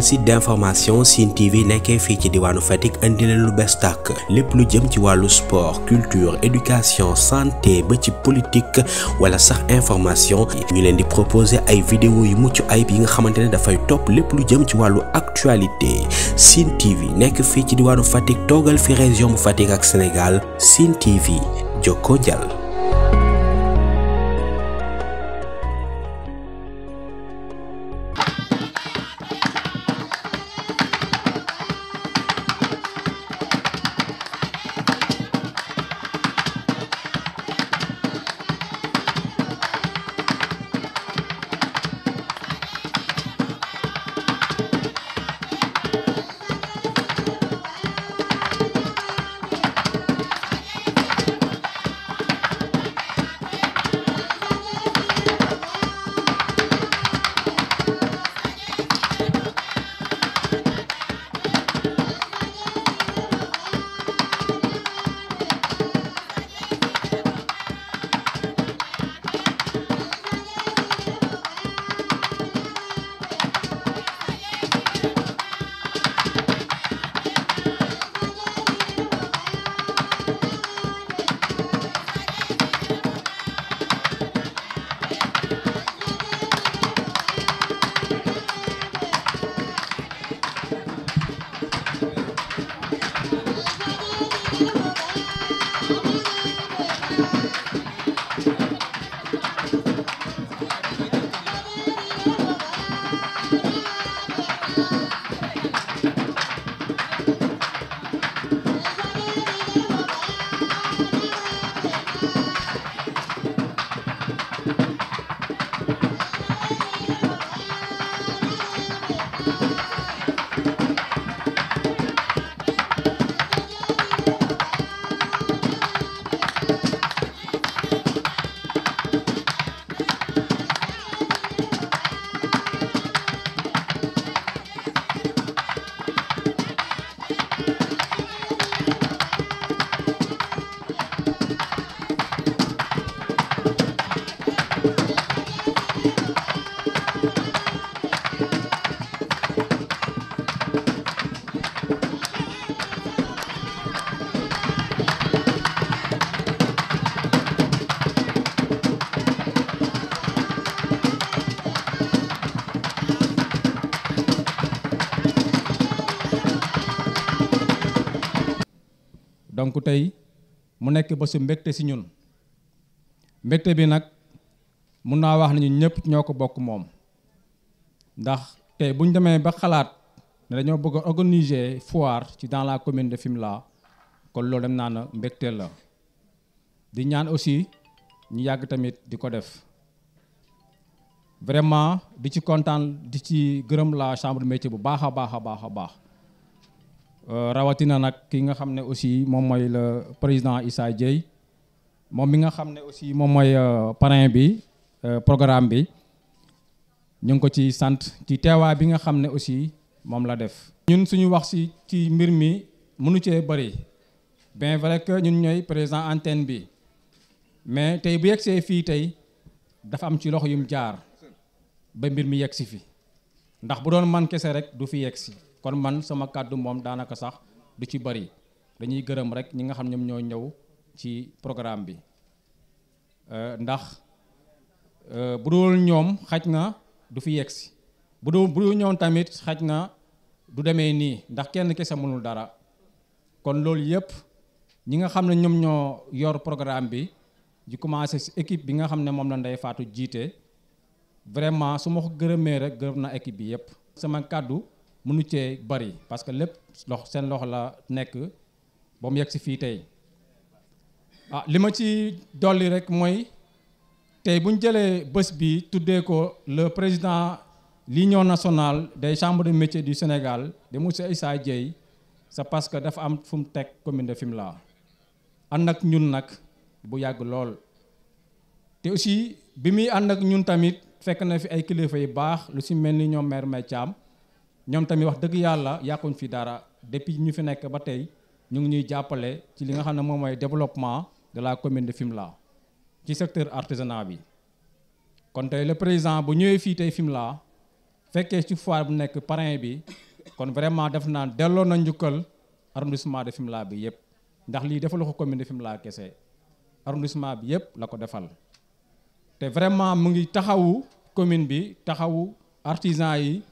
site d'information sin TV qu'un fichier ci diwanu Fatick un délai lu bees tàkk plus lu jëm ci sport culture éducation santé ba ci politique wala sax information ñu leen di proposer ay vidéo yu muccu ay bi nga xamantene da plus top lepp lu jëm ci walu actualité sin TV nek fi ci diwanu Fatick togal fi région bu ak Sénégal TV joko donc tey mu nekk ba su mbégte si ñun mbégte bi nag mun naa wax ne ñun ñëpp ñoo ko bokk moom ndax tey buñ demee ba xalaat ne dañoo bëgg a organiser ci dans la commune de Fimela kon loolu dem naa na mbégteel la di ñaan aussi ñu yàgg tamit di ko def vraiment di ci kontaan di ci gërëm laa chambre de bu baax a baax a baax a baax Euh, rawatina nag ki nga xam ne aussi moom mooy la président Issa Dieye moom mi nga xam ne aussi moom mooy euh, parrain bi euh, programme bi ñu ngi ko ci sant ci teewaa bi nga xam ne aussi moom la def. ñun suñu wax si ci mbir mi mënu cee bëri bien vrai que ñun ñooy président antenne bi mais tey bu yegsee fii tey dafa am ci loxo yum jaar ba mbir mi yegsi fi ndax bu doon man kese rek du fi yegsi. kon man sama kaddu mom danaka sax du ci bari dañuy gëreum rek ñi nga xam ñom ñoy ñew ci programme bi euh, ndax euh, bu dul ñom xajna du fi yegsi bu do bu ñoon tamit xajna du démé ni ndax kenn kessa mënul dara kon lool yépp ñi nga xam ne ñom ñoo yor programme bi di commencé ci équipe bi nga xam ne moom la ndey faatu jiite vraiment su ma ko gërëmee rek gërëm na équipe bi yépp sama kaddu mënu ci bari parce que lépp lox seen loxo la nekk ba mu yegg si fii tey ah li ma ci dolli rek mooy tey buñ jëlee bés bi tuddee ko le président ñoo nationale des chambres de métiers du Sénégal de monsieur Issa Dieye c'est parce que dafa am fu mu teg commune de Fimela ànd ak ñun nag bu yàgg lool te aussi bi muy ànd ak ñun tamit fekk na fi ay kilifa yu baax lu si mel ni ñoom maire Mbaye ñom tamit wax dëgg yàlla yàquñ fi dara depuis ñu fi nek ba tey ñu ngi ñuy jappalé ci li nga xam ne moom développement de la commune de Fimla ci secteur artisanat bi kon tay le président bu ñëwé fi tay Fimla fekkee ci foire bu nek parrain bi kon vraiment def na delo na njukkal arrondissement de Fimla bi yépp ndax li defal ko commune de Fimla kessé arrondissement bi yépp la ko defal té vraiment mu ngi taxawu commune bi taxawu artisan yi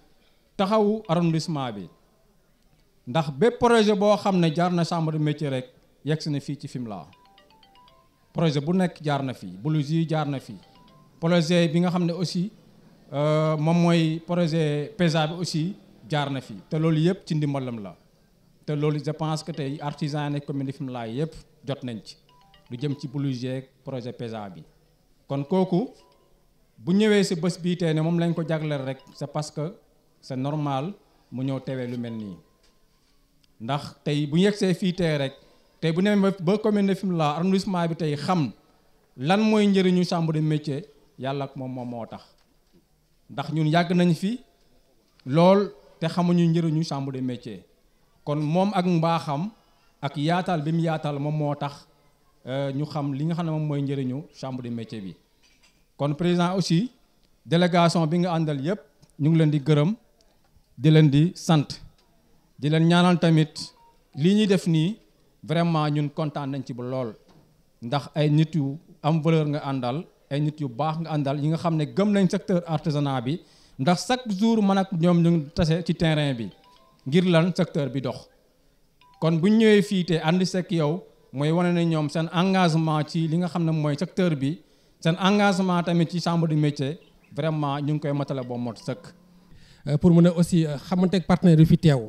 taxawu arrondissement bi ndax bépp projet boo xam ne jaar na chambre de métier rek yegg si na fii ci Fimela projet bu nekk jaar na fii bulus yi jaar na fi projet bi nga xam ne aussi euh, moom mooy projet PESA bi aussi jaar na fi te loolu yëpp ci ndimbalam la te loolu je pense que tey artisan ne nekk commune de Fimela yëpp jot nañ ci lu jëm ci bulus yeeg projet PESA bi kon kooku bu ñëwee si bés bii tey ne moom lañ ko jagleel rek c'est parce c'est normal mu ñëw tewee lu mel nii ndax tey bu ñu yegsee fii tey rek tey bu ne ba commune de Fimela arrondissement bi tey xam lan mooy njëriñu chambre de métier yàlla ak moom moom moo tax ndax ñun yàgg nañ fi lool te xamuñu njëriñu chambre de métier kon moom ak mbaaxam ak yaatal bi mu yaatal moom moo tax euh, ñu xam li nga xam ne moom mooy njëriñu chambre de métier bi kon président aussi délégation bi nga àndal yépp ñu ngi leen di gërëm di leen di sant di leen ñaanal tamit lii ñuy def nii vraiment ñun kontaan nañ ci bu lool ndax ay nit yu am valeur nga àndal ay nit yu baax nga àndal yi nga xam ne gëm nañ secteur artisanat bi ndax chaque jour man ak ñoom ñu ngi tase ci terrain bi ngir lan secteur bi dox kon bu ñëwee fii te ànd sekk yow mooy wane ne ñoom seen engagement ci li nga xam ne mooy secteur bi seen engagement tamit ci chambre de métier vraiment ñu ngi koy matale ba mot sëkk Euh, pour mën a aussi euh, xamante ak partenaires yu fi teew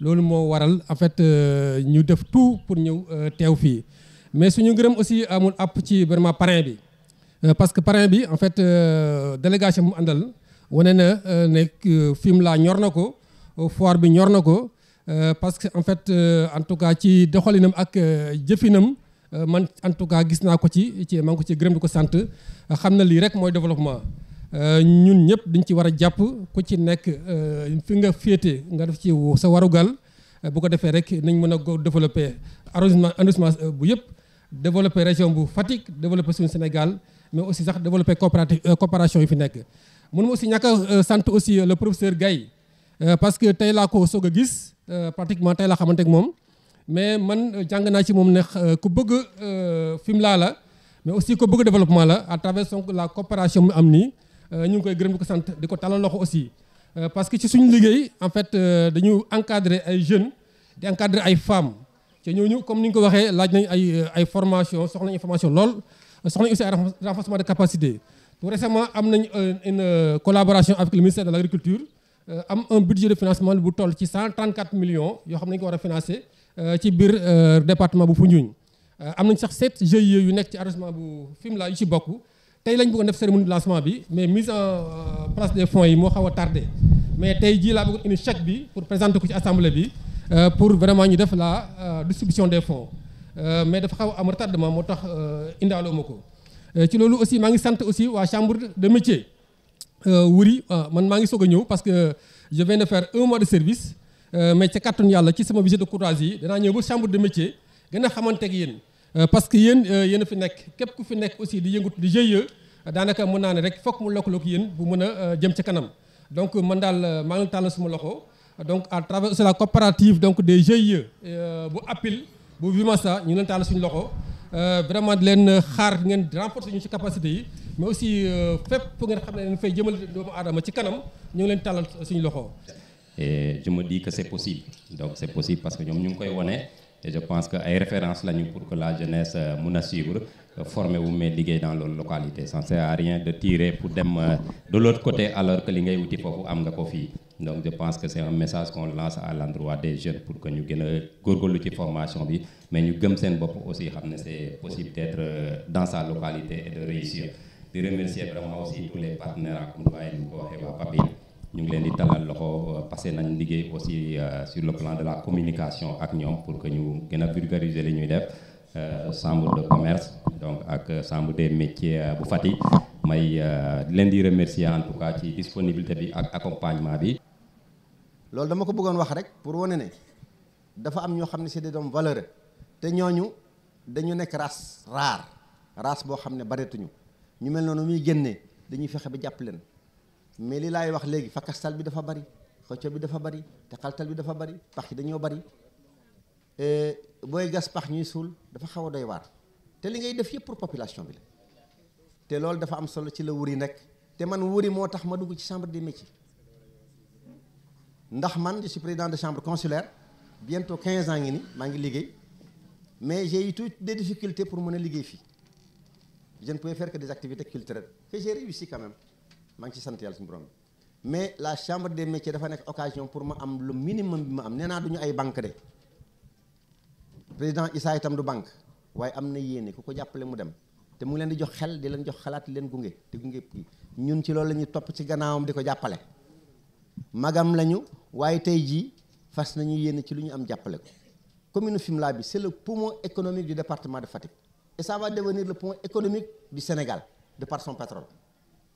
loolu moo waral en fait euh, ñu def tout pour ñëw teew fii mais suñu ngërëm aussi amul àpp ci vraiment parrain bi parce que parrain bi en fait délégation mu àndal wane na ne film laa ñor na ko foire bi ñor na ko parce que en fait en tout cas ci doxalinam ak jëfinam man en tout cas gis naa ko ci ci maa ngi ko ci gërëm di ko sant xam na lii rek mooy développement Euh, ñun ñëpp dañ ci war a jàpp ku ci nekk euh, fi nga féete nga def ci sa warugal bu ko defee rek nañ mën a go développer arrondissement arrondissement euh, bu yëpp développer région bu Fatick développer suñu Sénégal mais aussi sax développer coopérative coopération yi fi nekk mun ma aussi ñàkk sant aussi le professeur Gaye parce que tey laa ko soog a gis pratiquement tey laa xamante ak moom mais man jàng naa ci moom ne ku bëgg film laa la mais aussi ku bëgg développement la à travers son la coopération mu am nii Euh, ñu ngi koy gërëm di ko sant di ko talal loxo aussi euh, parce que ci suñu liggéey en fait euh, dañu encadrer ay jeunes di encadrer ay femmes te ñooñu comme ni ko waxee laaj nañ ay ay formation soxla formations lool soxla aussi ay renforcement de capacité tout récemment am nañ une collaboration avec le ministère de l' agriculture am un budget de financement bu toll ci 134 millions yoo xam ne ko war a financer ci biir département bu Foundiougne am nañ sax sept GIE yu nekk ci arrondissement bu Fimela yu ci bokk tey lañ bëggoon def cérémonie de lancement bi mais mise en euh, place des fonds moo xaw a tardé mais tey jii laa bëggoon indi bi pour présenter ko ci assemblée bi euh, pour vraiment ñu def la euh, distribution des fonds mais dafa xaw am retardement moo tax indaaloo ma ko. ci loolu aussi maa ngi sant aussi waa chambre de métier wuri maa ngi soog a ñëw parce que je de faire un mois de service mais ca kàttanu yàlla ci sama visite de courtoisie yi danaa ñëw ba chambre de métier gën a xamante ak yéen. Euh, parce que yéen euh, yéen fi nek kep ku fi nek aussi di yëngatu di GIE danaka mën naa rek foog mu lëkkaloo ak yéen bu mën euh, jëm ci kanam donc man dal maa ngi tàllal suma loxo donc à travers la coopérative donc des GIE bu appil bu Vimasa ñu leen tàllal suñu loxo vraiment di leen xaar ngeen renforcer ñu ci capacité yi mais aussi fep ngeen xamne ne fay jëmal doomu aadama ci kanam ñu ngi leen tàllal suñu loxo. et je me dis que c'est possible donc c'est possible parce que ñom ñu koy woné et je pense que une référence lañu pour que la jeunesse euh, mun forme suivre euh, formé wu dans leur localité ça ne sert à rien de tirer pour dem euh, de l'autre côté alors que li ngay wuti foofu am donc je pense que c'est un message qu'on lance à l'endroit des jeunes pour que nous gën formation bi mais nous gëm aussi c'est possible d'être dans sa localité et de réussir Je remercier vraiment aussi tous les partenaires à comme ni ko ñu ngi leen di talal loxo passé nañ liggéey aussi euh, sur le plan de la communication ak ñoom pour que ñu gën a vulgariser li ñuy def euh, chambre de commerce donc ak chambre des métiers euh, bu Fatick may leen di remercier en tout cas ci disponibilité bi ak accompagnement bi. loolu dama ko bëggoon wax rek pour wane ne dafa am ñoo xam ne c'est des hommes valeureux te ñooñu dañu nekk race rare race boo xam ne bareetuñu ñu mel noonu muy génnee dañuy fexe ba jàpp leen mais li laay wax léegi fakastal bi dafa bari xëcco bi dafa bari te xaltal bi dafa bari pax yi dañoo bari euh, booy gas pax ñuy suul dafa xaw a doy waar te li ngay def yëpp pour population bi la te loolu dafa am solo ci la wuri nekk te man wuri moo tax ma dugg ci chambre des métiers ndax man je suis président de chambre consulaire bientôt 15 ans ngi ni maa ngi liggéey mais j'ai eu toutes des difficultés pour mën a liggéey fii je ne pouvais faire que des activités culturelles que j'ai réussi quand même maa ngi ci mais la chambre des métiers dafa nekk pour ma am lu minimum bi ma am nee naa du ay banque de Issa itam du banque waaye am na yéene ku ko jàppale mu dem te mu ngi leen di jox xel di leen jox xalaat leen gunge di gunge ci loolu la ñuy topp ci gannaawam di ko jàppale magam lañu waaye tey jii fas nañu yéen ci lu ñu am jàppale ko commune Fimela bi c'est le poumon économique du département de Fatick et devenir le poumon économique du Sénégal de par pétrole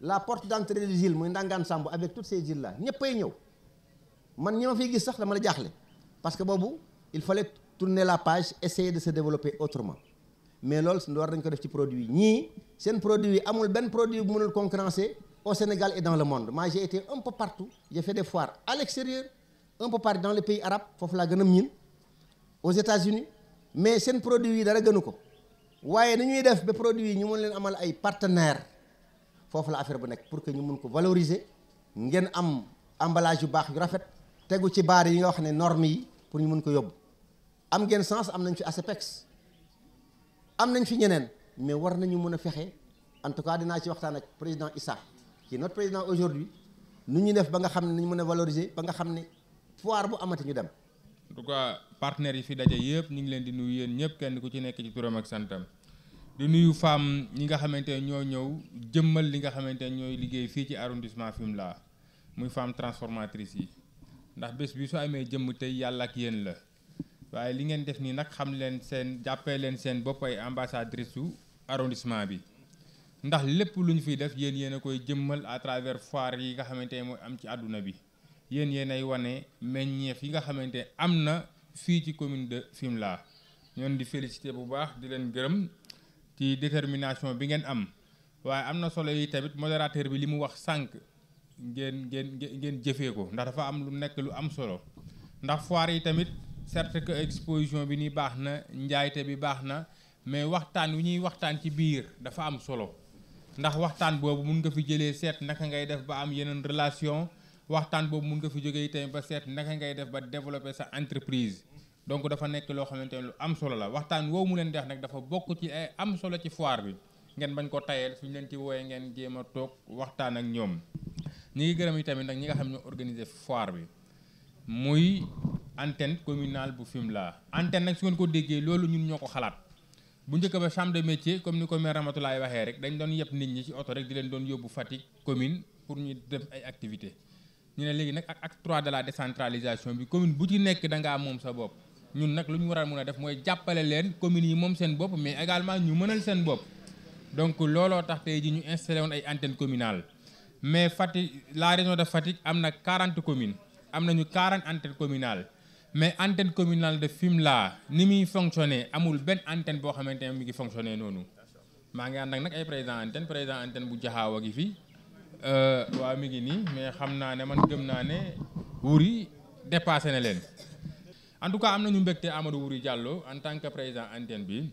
la porte d'entrée des îles avec toutes ces îles là ñëppay ne man pas ma gis sax dama la parce que bon, il fallait tourner la page essayer de se développer autrement mais loolu war pas ko def ci produit Ni c'est un produit yi amul ben produit mënul concurrencer au Sénégal et dans le monde moi j'ai été un peu partout j'ai fait des foires à l'extérieur un peu partout dans les pays arabes aux États-Unis mais un produit qui dara gënu ko Nous avons des def nous produit des partenaires foofu la affaire bu nekk pour que ñu mun ko valoriser ngeen am emballage yu baax yu rafet tegu ci baar yi nga wax ne normes yi pour ñu mun ko yóbbu am ngeen sens am nañ fi ASEPEX am nañ fi ñeneen mais war nañu mun a fexe en tout cas dinaa ci waxtaan ak président Issa qui notre président aujourd'hui nu ñu def ba nga xam ne ñu mën a valoriser ba nga xam ne foire bu amati ñu dem. en tout cas partenaires yi fi daje yëpp ñu ngi leen di nuy yéen ñëpp kenn ku ci nekk ci turam ak santam. di nuyu femme ñi nga xamante ne ñoo ñëw jëmal li nga xamante ne ñooy liggéey fii ci arrondissement Fimela muy femme transformatrice yi ndax bés bi su amee jëmm tey yàlla ak yéen la waaye li ngeen def nii nag xam leen seen jàppee leen seen bopp ay ambassadrice su arrondissement bi ndax lépp lu ñu fiy def yéen yéen a koy jëmmal à travers foire yi nga xamante ne mooy am ci àdduna bi yéen yéen ay wane meññeef yi nga xamante am na fii ci commune de Fimela ñoon di bu baax di leen gërëm ci détermination bi ngeen am waaye am na solo yi tamit modérateur bi li mu wax sànq ngeen ngeen ngeen jëfee ko ndax dafa am lu nekk lu am solo ndax foire yi tamit certes que exposition bi ni baax na njaayte bi baax na mais waxtaan wi ñuy waxtaan ci biir dafa am solo ndax waxtaan boobu mun nga fi jëlee seet naka ngay def ba am yeneen relation waxtaan boobu mun nga fi jógee tamit ba seet naka ngay def ba développer sa entreprise donc dafa nekk loo xamante ne lu am solo la waxtaan woowu mu leen deex nag dafa bokk ci ay am solo ci foire bi ngeen bañ ko tayel suñu leen ci wooyee ngeen jéem a toog waxtaan ak ñoom ñi ngi gërëm yi tamit nag ñi nga xam ne organiser foire bi muy antenne communale bu la antenne nag su ngeen ko déggee loolu ñun ñoo ko xalaat bu njëkk ba chambre de métier comme ni ko maire Ramatoulaye waxee rek dañ doon yëpp nit ñi ci oto rek di leen doon yóbbu Fatick commune pour ñu def ay activités ñu ne léegi nag ak acte trois de la décentralisation bi commune bu ci nekk da ngaa moom sa bopp ñun nak luñu waral mëna def moy jappalé leen commune yi mom seen bop mais également ñu mënal seen bop donc lolo tax tey ji ñu installé woon ay antenne communale mais Fatick la région de Fatick amna 40 communes amna ñu 40 antennes communales mais antenne communale de fimla ni mi fonctionné amul ben antenne bo xamante mi ngi fonctionné noonu ma ngi ànd ak nag ay président antenne président antenne bu jaxaaw a fi euh wa mi ngi ni mais xamna naa ne man gëm na ne wuri dépassé na leen en tout cas am nañu mbégte Amadou wouri Diallo en tant que président antenne bi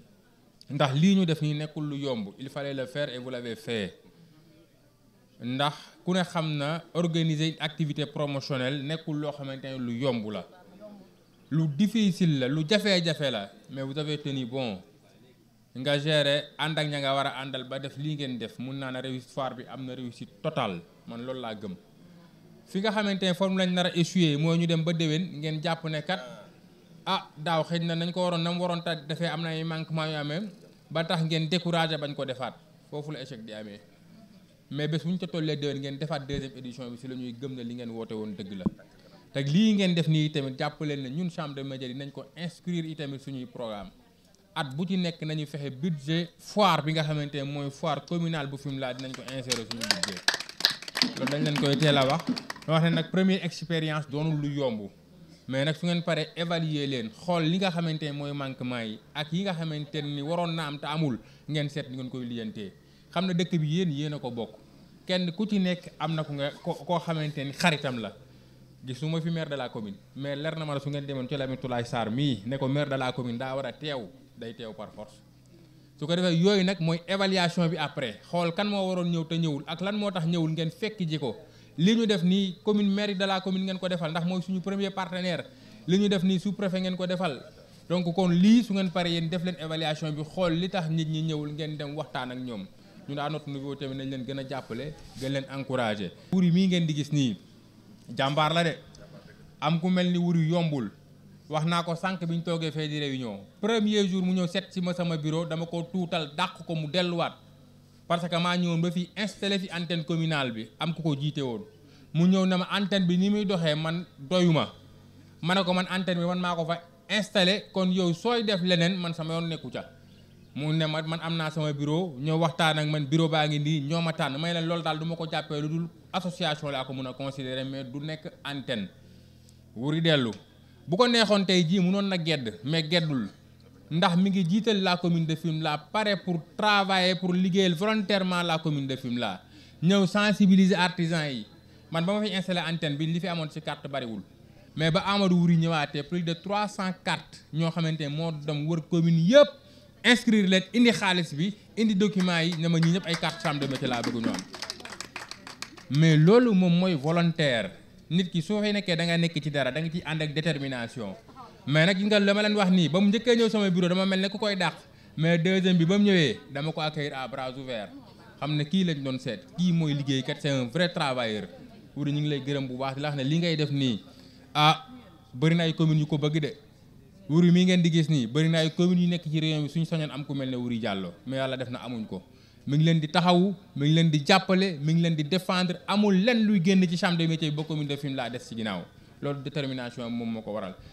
ndax lii ñu def ni nekkul lu yomb il fallait le faire et vous l'avez fait ndax ku ne xam na organiser une activité promotionnelle nekkul loo xamante ne lu yomb la lu difficile la lu jafe-jafe la mais vous avez tenu bon nga gérer ànd ak ña nga war a àndal ba def lii ngeen def mun naa ne réussite bi am na réussite totale man loolu laa gëm fi nga xamante ne forme lañ nar a échoué mooy ñu dem ba déwén ngeen jàpp ne kat. ah daaw xëy na nañ ko waroon na mu waroon ta defee am na ay manquement yu amee ba tax ngeen découragé bañ ko defaat foofu la échec di amee mais bés bu ñu ca tollee déwén ngeen defaat deuxième édition bi si la ñuy gëm ne li ngeen woote woon dëgg la teg lii ngeen def nii tamit jàpp leen ne ñun chambre de métiers dinañ ko inscrire itamit suñuy programme at bu ci nekk nañu fexe budget foire bi nga xamante ne mooy foire communale bu Fimela dinañ ko insérer suñu budget loolu dañ leen koy teel a wax wax nag première expérience doonul lu yomb. mais nag su ngeen pare évaluer leen xool li nga xamante ne mooy manquement yi ak yi nga xamante ni waroon na am te amul ngeen seet ngeen koy lijjantee xam ne dëkk bi yéen yéen ko bokk kenn ku ci nekk am na ku nga ko koo xamante ni xaritam la gisuma fi maire de la commune mais leer na ma su ngeen demoon ci Lamine Toulaye Sarr mii ne ko maire de la commune daa war a teew day teew par force su ko defee yooyu nag mooy évaluation bi après xool kan moo waroon ñëw te ñëwul ak lan moo tax ñëwul ngeen fekk ji ko li ñu def ni commune mairie de la commune ngeen ko defal ndax mooy suñu premier partenaire li ñu def ni sous préfet ngeen ko defal donc kon lii su ngeen pare yéen def leen évaluation bi xool li tax nit ñi ñëwul ngeen dem waxtaan ak ñoom ñu à notre niveau tamit nañ leen gën a jàppale gën leen encourager wuri mii ngeen di gis nii jàmbaar la de am ku mel ni wuri yombul wax naa ko sànq biñ ñu toogee fee di réunion premier jour mu ñëw set si ma sama bureau dama ko tuutal dàq ko mu delluwaat. parce que maa ñëwoon ba fi installé fi antenne communale bi am ku ko jiite woon mu ñëw na ma antenne bi ni muy doxee man doyuma ma ne ko man antenne bi man maa ko fa installé kon yow sooy def leneen man sama yoon nekku ca mu ne ma man am naa sama bureau ñoo waxtaan ak man bureau baa ngi nii ñoo ma tànn may leen loolu daal du ma ko jàppee lu dul association laa ko mën a considérer mais du nekk antenne wuri dellu bu ko neexoon tey jii munoon na gedd ndax mi ngi jiital la commune de Fimela pare pour travailler pour liggéeyal volontairement la commune de Fimela ñëw sensibiliser artisans yi man ba ma fi installé antenne bi li fi amoon ci carte bariwul mais ba Amadou Wuri ñëwaatee plus de 300 cartes ñoo xamante ne moo dem wër commune yëpp inscrire leen indi xaalis bi indi document yi ne ma ñii ñëpp ay carte chambre de métier laa bëgg ñoom mais loolu moom mooy volontaire nit ki soo fay nekkee da nga nekk ci dara da nga ci ànd ak détermination. mais nag nga la ma leen wax nii ba mu njëkkee ñëw sama bureau dama mel ne ku koy dàq mais deuxième bi ba mu ñëwee dama ko accueillir à bras ouverts xam ne kii lañ doon seet kii mooy liggéeykat c'est un vrai travailleur pour ñu ngi lay gërëm bu baax di la wax ne li ngay def nii ah bëri na ay communes yu ko bëgg de wuri mii ngeen di gis nii bëri na ay communes yu nekk ci région bi suñ sañoon am ku mel ne Wuri Diallo mais yàlla def na amuñ ko mi ngi leen di taxawu mi ngi leen di jàppale mi ngi leen di défendre amul lenn luy génn ci chambre de métier bi ba commune de Fimela des ci ginnaaw loolu moo ko waral